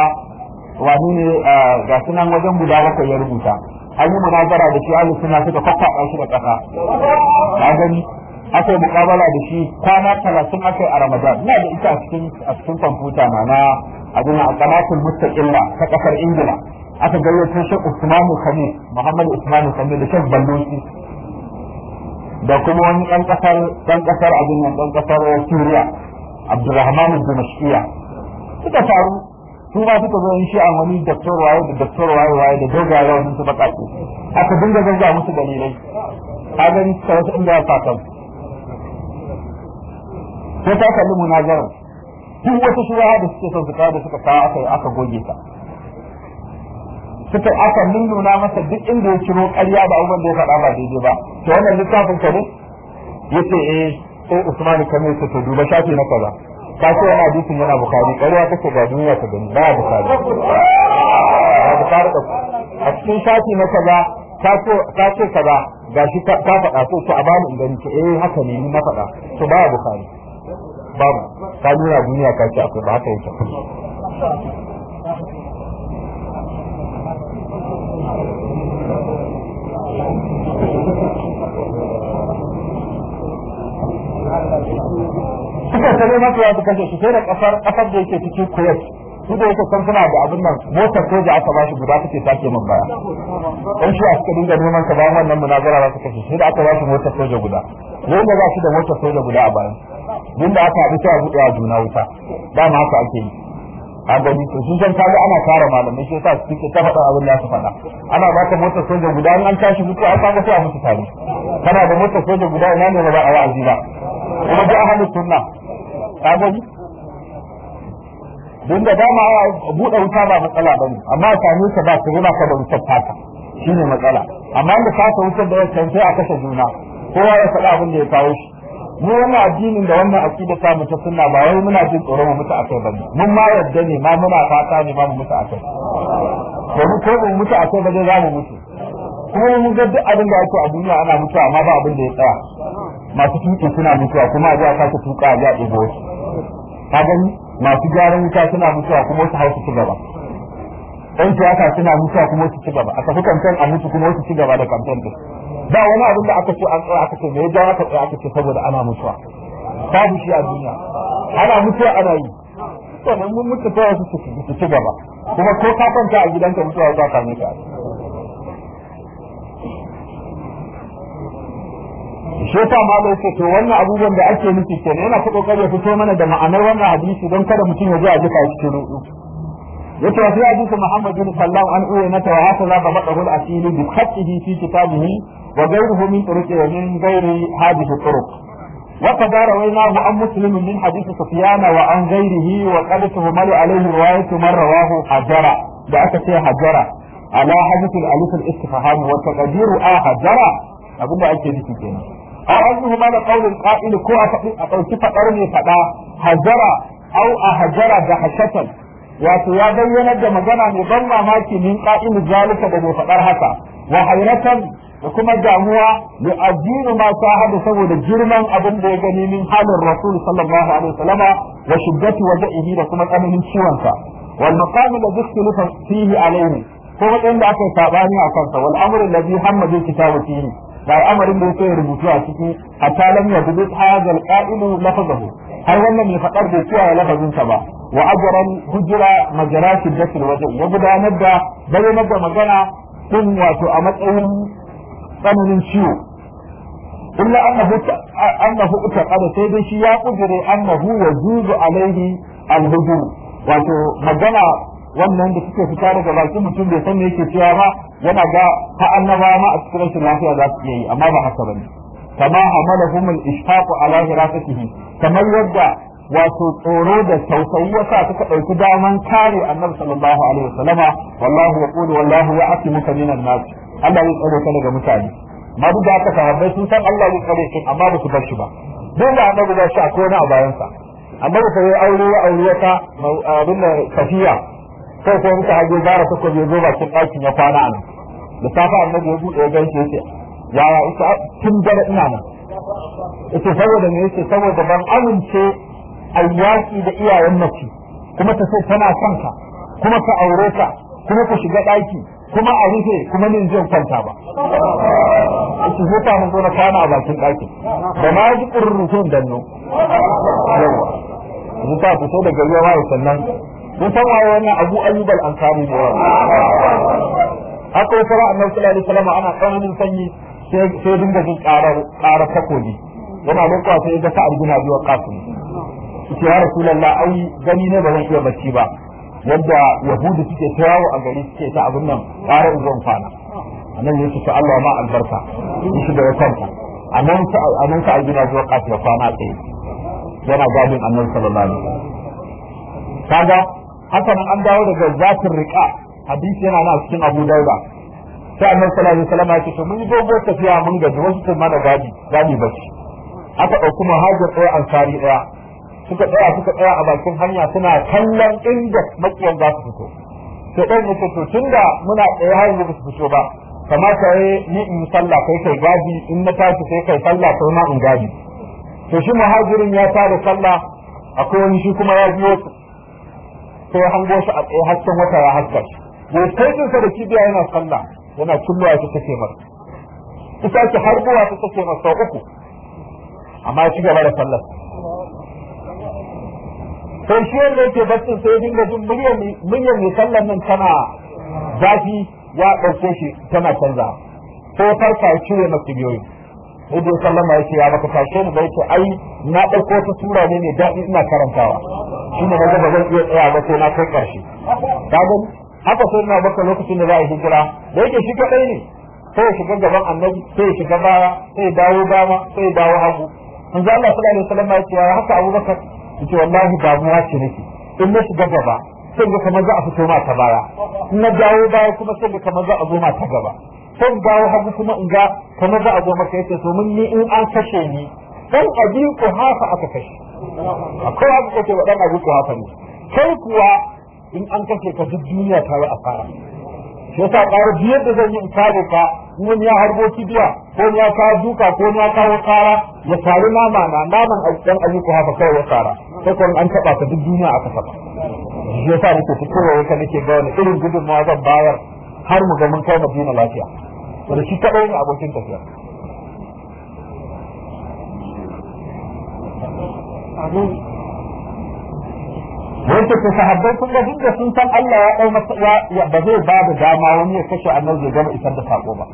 wani ne eh, ga sunan wajen guda bakwai ya rubuta an yi munazara da shi ahli suna suka kwakwaɓa shi da ƙasa na gani aka yi mukabala da shi kwana talatin aka yi a ramadan ina da ita a cikin kwamfuta na na abin a mustaqilla ta ƙasar ingila aka gayyato shi usmanu kamil muhammad usmanu kamil da shan balloci da kuma wani ɗan ƙasar ɗan ƙasar abin nan ɗan ƙasar suriya abdurrahman dimashkiya suka faru su ma suka zo shi a wani daktar waye da daktar waye waye da dogara wani su baka su aka dinga zanga musu dalilai ka gani ta wasu inda ya fata ko ta kalli munazarar duk wata shuwa da suke son su kawo da suka kawo aka yi aka goge ta suka aka nuna masa duk inda ya ciro ƙarya da abubuwan da ya faɗa ba daidai ba to wannan littafin ka ne ce eh sai eh, Usman kamar ta duba shafi na kaza ka ce yana dukin yana bukari ƙarya ce ga duniya ta gani ba bukari ba bukari ka a cikin shafi na kaza ka ce kaza ga shi ka faɗa ko to a bamu in gani ce eh haka ne ni na faɗa to ba bukari babu ka nuna duniya ka ce akwai ba haka yake da ta zama su kashe shi sai da kasar kasar da yake cikin kuwait su da yake san suna da abin nan motar soja aka ba shi guda take sake min baya dan shi a cikin dinga neman ka ba wannan munazara za su kashe shi da aka ba shi motar soja guda yanda ba shi da motar soja guda a bayan din da aka haɗu sai buɗe a juna wuta ma haka ake yi a gani to sun san kawo ana kare malamai shi yasa suke ta faɗa abin da su faɗa ana ba ka motar soja guda in an tashi mutu an kaga sai a mutu tare kana da motar soja guda ina ne ba a wa'azi ba kuma da ahlus sunna ka gani don da dama buɗe wuta ba matsala ba ne amma a same ka ba ka yi ka da wutar fata shi ne matsala amma da fata wutar da ya sai a kashe juna kowa ya faɗa abin da ya kawo shi mu wani addinin da wannan aqida ta mutu ba wai muna jin tsoron mu mutu kai ba mun ma yadda ne ma muna fata ne ma mu mutu akai ba mu ko mu mutu kai ba za mu mutu kuma mun ga duk abin da ake a duniya ana mutuwa amma ba abin da ya tsaya masu tuƙi suna mutuwa kuma a ji a sake tuƙa a ji a ɗigo wasu ka gani masu gyaran wuta suna mutuwa kuma wasu hausu ci gaba ɗan siyasa suna mutuwa kuma wasu ci gaba aka fi kamfen a mutu kuma wasu ci gaba da kamfen din ba wani abin da aka ce an tsaya aka ce me ya aka tsaya aka ce saboda ana mutuwa babu shi a duniya ana mutuwa ana yi to mun mutu ta wasu su ci gaba kuma ko ka kwanta a gidanka mutuwa za ka mutu ko fa ma wannan abubuwan da ake nufi ke yana fito kai ya fito mana da ma'anar wannan hadisi don kada mutum ya ji a duka shi ne yace wa sai hadisi Muhammad bin sallallahu an uwa mata wa za ba gul asili bi hadithi fi kitabihi wa ghayruhu min turuqi wa min ghayri hadithi turuq wa qad an muslimin min hadithi sufyan wa an ghayrihi wa qad tuhmal alayhi riwayatu man rawahu hajara da aka ce hajara ala hadithi al-alif al-istifham wa a hajara abin ake nufi kenan aw azuhuma da qaulin qa'il ko a faɗi a ɗauki faɗar ne faɗa Hajara. au a Hajara da hashatan wato ya bayyana da magana mai ban mamaki min qa'il zalika da mai faɗar haka wa hayratan da kuma damuwa li azinu ma sahadu saboda girman abin da ya gani min halin rasul sallallahu alaihi wasallama wa shiddati da kuma tsananin ciwon sa wal maqam alladhi ikhtalafa fihi alayhi ko wanda aka sabani a kansa wal amru alladhi hamma bil kitabu ba al'amarin da yake rubutu a ciki a talam ya gudu hadha alqa'ilu lafazahu har wannan mai faɗar bai kiyaye lafazin sa ba wa ajran hujra majra shiddatil wajh ya gudanar da bayyanar da magana din wato a matsayin tsananin ciwo illa annahu annahu utaqada sai dai shi ya kujire annahu yajuzu alaihi alhujur wato magana wannan da suke fita daga bakin mutum bai san me yake cewa ba yana ga ta annaba ma a cikin rashin lafiya za su yi amma ba haka bane kama hamalahum al-ishfaq ala hirafatihi kamar yadda wato tsoro da tausayi yasa suka dauki daman kare annabi sallallahu alaihi wasallama wallahu yaqulu wallahu ya'timuka minan nas Allah ya tsare ka daga mutane ma duk da aka sahabbai sun san Allah ya tsare shi amma ba su bar shi ba duk da annabi ba shi akwai wani a bayansa annabi sai aure aure ta abin da safiya sai sai muka hago bara kuka bai zo bakin ɗakin ya kwana a nan da safa annabi ya buɗe ya gaishe ya yaya ita tun gara ina nan ita saboda me ce saboda ban amince ayyaki da iyayen mace kuma ta so tana son ka kuma ka aure ka kuma ka shiga ɗaki kuma a rufe kuma min zai kwanta ba Ita huta mun zo na a bakin ɗakin da ma ji ƙurrutun danno zuta fito daga yawa sannan mun san waye wannan abu ayyub al-ansari ne haka wata ran annabi sallallahu alaihi wasallam ana karamin sanyi sai dinga jin karar karar takobi yana lokaci sai ga arguna bin abi waqas ce ya rasulullah ai gani ne ba zan iya bacci ba yadda yahudu suke ta yawo a gari suke ta abin nan karar zuwan kwana annabi ya ce Allah ma albarka in shi da wakanta anan sa anan ta arguna zuwa kafi kwana tsaye yana gadin annabi sallallahu alaihi wasallam kaga haka nan an dawo daga zafin riƙa hadisi yana nan cikin Abu Dawud sai annabi sallallahu alaihi wasallam ya ce mun yi dogon tafiya mun gaji wasu sun mana gadi gadi bace aka ɗauki muhajir ɗaya ansari ɗaya suka tsaya suka tsaya a bakin hanya suna kallon inda makiyan za su fito sai ɗan yace to tunda muna tsaye har yanzu fito ba kamata ya ni in sallah kai kai gadi in na tashi sai kai sallah kai ma in gadi to shi muhajirin ya tada sallah akwai wani shi kuma ya biyo sai ya hango shi a tsaye hasken wata ya haska shi gosai sa da kibiya yana sallah yana kullowa ta take masa ita ce har zuwa ta take masa uku amma ya ci gaba da sallar sai shi wanda yake baccin sai dinga jin miliyan mai sallar nan tana zafi ya ɗauke shi tana canza Ko farka ya cire masa biyoyi Ibn Sallama ya ce ya maka tashe ni bai ce ai na ɗauko ta tura ne mai daɗi ina karantawa. shi ne ba zan iya tsaya ba sai na kai ƙarshe kaga haka sai na baka lokacin da za a yi hijira da yake shi kaɗai ne sai ya shiga gaban annabi sai ya shiga baya sai ya dawo dama sai ya dawo hagu manzo Allah sallallahu alaihi wasallam ya ce haka Abubakar yace wallahi damuwa ce nake in na shiga gaba sai ga kamar za a fito ma ta baya in na dawo baya kuma sai ga kamar za a zo ma ta gaba sai dawo hagu kuma in ga kamar za a zo maka yace to mun ni in an kashe ni dan abin ku hafa aka kashe akwai abu kake wa dan abu kuwa fani kai kuwa in an kashe ka duk duniya ta yi asara shi yasa ƙara biyar da zan yi in kare ka in wani ya harbo kibiya ko ni ya kawo duka ko ni ya kawo kara ya faru nama na naman dan ayyuka haka kawai ya kara sai kuma an taɓa ka duk duniya aka saka shi yasa nake fitowa ka nake ga wani irin gudunmawa zan bayar har mu ga mun kai madina lafiya wanda shi kaɗai ne abokin tafiya wanda ke sahabbai kun ga duk da sun san Allah ya dau masa ba zai ba da dama wani ya kashe annabi ya gama isar da saƙo ba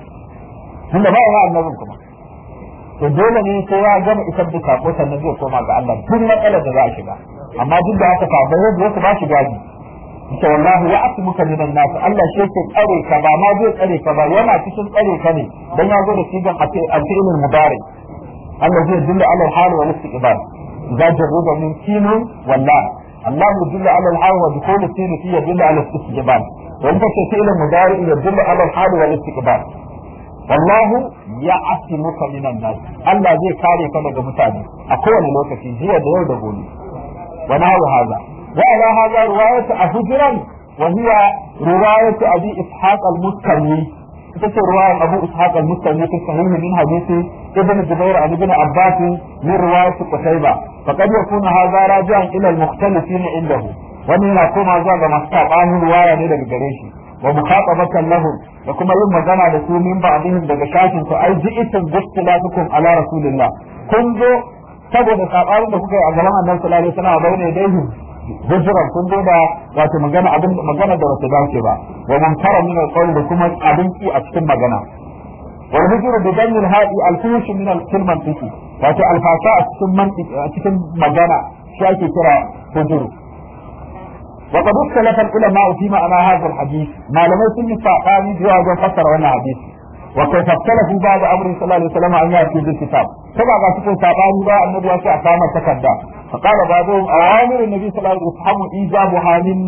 tunda ba wani annabin kuma to dole ne sai ya gama isar da saƙo sannan zai koma ga Allah duk matsalar da za a shiga amma duk da haka sahabbai wanda wasu ba shi gadi ita wallahi ya asu muka minan nasu Allah shi yake tsare ka ba ma zai tsare ka ba yana cikin tsare ka ne dan ya zo da shi gan a cikin mubarak Allah zai dinda alal hali wa nafsi ibada إذا جرب من سين ولا الله يدل على الحال ودخول السين فيه يدل على الاستقبال وانت كثير مضارع يدل على الحال والاستقبال والله يعصمك من الناس الله زي كاري كما جمتاني أقول لك في زي دور دقولي ونحو هذا وعلى هذا رواية أهجرا وهي رواية أبي إسحاق المسكري تفسر رواية أبو إسحاق المستوي في الصحيح من حديث ابن الزبير عن ابن عباس من رواية قتيبة فقد يكون هذا راجعا إلى المختلفين عنده ومن يكون هذا ما استطاعه رواية إلى الجريشي ومخاطبة لهم وكما يوم جمع لسوء من بعضهم بجشاش فأي جئتم باختلافكم على رسول الله كنتم saboda sabarin da kuka yi a gaban annabi sallallahu alaihi wasallam a baune dai hujrar sun duba wato magana abin magana da wata dace ba wa munkara min alqawl da kuma abin ki a cikin magana wa hujru bi dami alhadi alfush min alkalim mantiki wato alfasa a cikin mantiki a cikin magana shi ake kira wa hujru وقد اختلف العلماء في معنى هذا الحديث malamai sun yi fa'ani da wajen فسر wannan hadisi wa kai fassarahu ba'da amrin sallallahu alaihi wasallam an yati bil kitab saboda ga cikin sabani ba annabi ya ce a kama takarda fa qala ba'dhum awamiru nabi sallallahu alaihi wasallam ijabu halin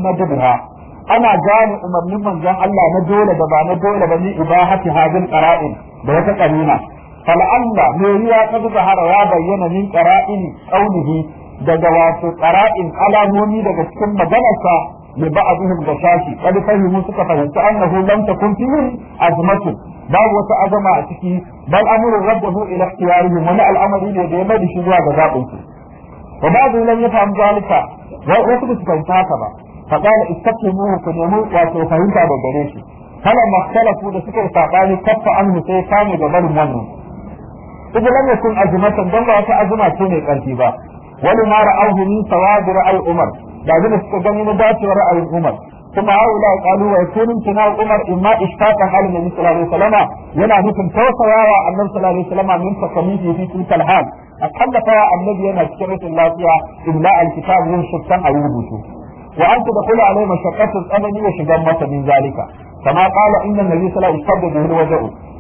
ana gane umarnin manzon Allah na dole da ba na dole ba ni ibahati hadin qara'in da wata karina fal'alla mai ya ta zahara ya bayyana min qara'in qaulihi daga wato qara'in alamomi daga cikin maganarsa li ba'dihim basashi qad fahimu suka fahimci annahu lam takun fihim azmatu babu wasu azuma a ciki bal amru rabbuhu ila ikhtiyarihim wani al'amari ne da ya bada shi zuwa ga zabin su wa ba'du lam yafham zalika wa wasu su fahimta haka ba fa qala istaqimuhu ku nemi wato fahimta da gare shi kala makhtalafu da suka sabani kaffa anhu sai kame da barin wannan idan lam yakun azmatan dan ba wata azuma ce mai karfi ba wani mara ra'ahu min sawabi ra'ay umar بعدين استخدموا نبات ورأوا الأمر ثم هؤلاء قالوا ويكون امتناع عمر اما اشفاقا حال النبي صلى الله عليه وسلم ينا نكم يا النبي صلى الله عليه وسلم من تقميه في تلك الحال أتحدث يا النبي أنا شكرة الله فيها إملاء الكتاب من شكا أو يبوتو وأن تدخل عليه مشقة الأمن وشجمة من ذلك كما قال إن النبي صلى الله عليه وسلم به الوجع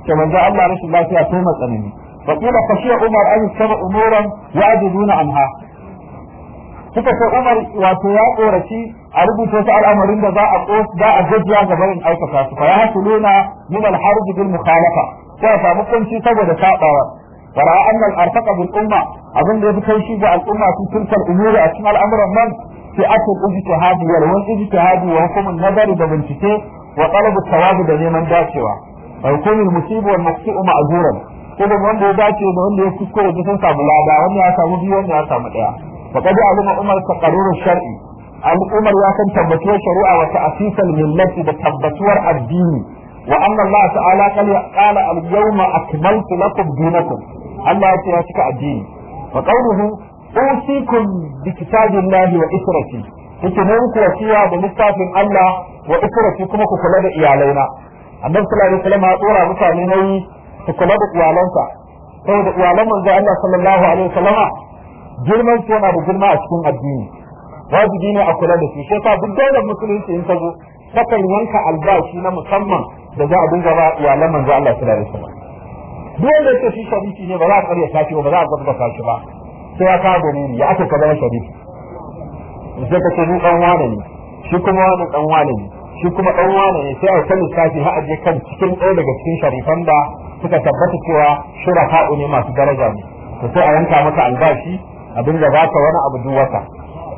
كما جاء الله رسول الله فيها تومة أمني فقيل خشي عمر أن يكتب أمورا يعجزون عنها suka sai Umar wato ya korafi a rubuta wasu al'amarin da za a za a gajiya ga barin aikata su fa ya hasuluna min al-harj bil mukhalafa ko a samu kwanci saboda sabawa fara anna al-artaqa bil umma abin da ya fi kai shi ga al'umma sun turkar umuri a cikin al'amuran nan sai aka ijtihadi wal wani ijtihadi wa hukumun nazari da bincike wa talabu tawab da neman dacewa wa hukumul musib wal maqsu'u ma'zuran ko da wanda ya dace da wanda ya kuskure da sun samu lada wanda ya samu biyu wanda ya samu daya faqad alima umar taqarrur shar'i al'umar ya san tabbatuwar shari'a wa ta'sisal millati da tabbatuwar addini wa anna Allah ta'ala qala al-yawma akmaltu lakum dinakum ya cika addini wa qawluhu usikum bi kitabillahi wa ne muku wasiya da littafin Allah wa israti kuma ku kula da iyalaina annabi sallallahu alaihi wasallam ya tsora mutane nayi su kula da iyalansa saboda iyalan manzo Allah sallallahu alaihi wasallam girman su na da girma a cikin addini wajibi ne a kula da shi sai ta duk daular musulunci in ta zo takan yanka albashi na musamman da za a dinga ba iyalan manzo Allah sallallahu alaihi wasallam Dole wanda shi shariki ne ba za a karya tashi ba za a gaba tashi ba sai ya kawo ne ya aka kaza shariki sai ka ce ni dan wane ne shi kuma wani dan wane ne shi kuma dan wane ne sai a ta lissafi har je kan cikin ɗaya daga cikin sharifan da suka tabbata cewa shurafa'u ne masu daraja ne to sai a yanka maka albashi abin da baka wani abu duk wata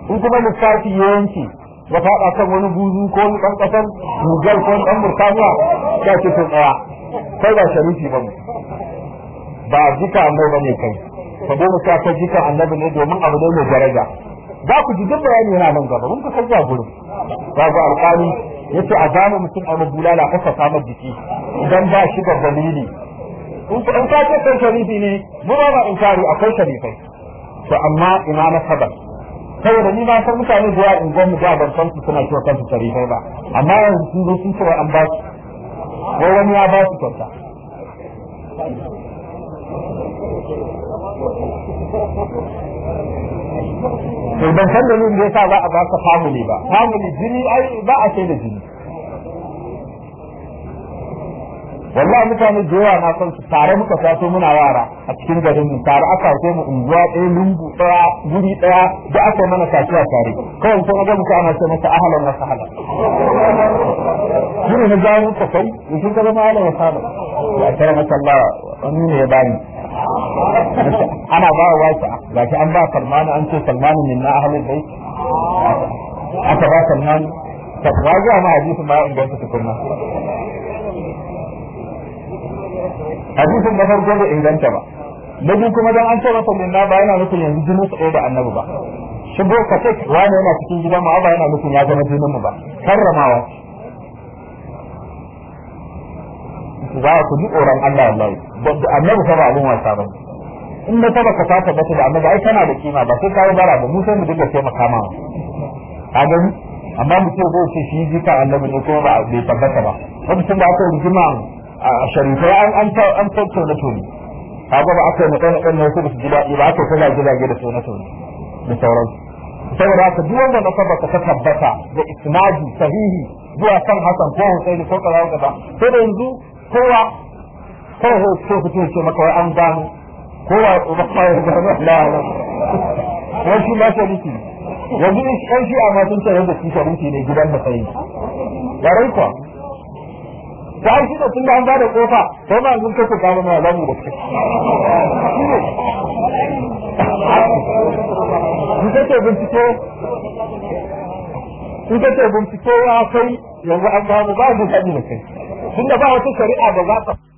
in kuma lissafi ya yanke ta da kan wani buzu ko wani ɗan ƙasar Nijar ko wani ɗan Burtaniya ya ce sun tsaya kai ba sharifi ba ba jika mai ba ne kai ka goma sa ta jika annabi ne domin abu ne mai daraja za ku ji duk bayani yana nan gaba mun ka kai gurin za ku alƙali ya a zama mutum a mabulala kasa samar jiki idan ba shi da dalili in ka ce kan sharifi ne mu ba ba in kari akwai sharifai to amma ina na sabar saboda ni masan san mutane da in in gwamnati da ban san su suna kiwa kansu tarihai ba amma yanzu sun zo sun cewa an ba su ko wani ya ba su kyauta to ban san dalilin da sa za a ba ka family ba family jini ai ba a sai da jini wallahi mutane da yawa na san su tare muka taso muna yara a cikin garin mu tare aka haife mu unguwa ɗaya lungu ɗaya guri ɗaya da aka mana kasuwa tare kawai sai ga muka ana ce masa ahlan wa sahlan shine na jawo ka kai yanzu ka zama ahlan wa ya tare maka wani ne ya bani ana ba wa wasa gashi an ba Salmanu an ce Salmanu ba Salmanu ta hadisin na farko bai inganta ba na kuma dan an sarrafa masa minna ba yana nufin yanzu jinin su da annabi ba shigo ka ce wani yana cikin gidan mu ba yana nufin ya zama jinin mu ba karramawa za ku ji tsoron Allah wallahi da annabi fa ba wasa ba in na taba ka ta tabbata da annabi ai kana da kima ba sai kawo bara ba mu sai mu dinga taimaka ma ka gani amma mutum zai ce shi ka annabi ne ko ba bai tabbata ba wani sun da aka rigima a sharifai an an an tantar na tuni kaga ba aka na kana kana su ji daɗi ba aka kaza gida gida su na tuni da sauran saboda haka duk wanda na tabbata ka tabbata da isnadi sahihi zuwa kan Hassan ko Husaini ko kaza kaza sai da yanzu kowa ko ho ko fito ce maka wai an gano kowa ba kai gano la la wai shi ma shariki yanzu in shi a ma sun ce yanda shi shariki ne gidan da sai ya rai kwa. ta yi shi da tun da an bada kofa to ba mun kasa kama ma mu da kai in kake bincike in bincike ya kai yanzu an ba mu ba mu sani da kai tunda ba wata shari'a da za ta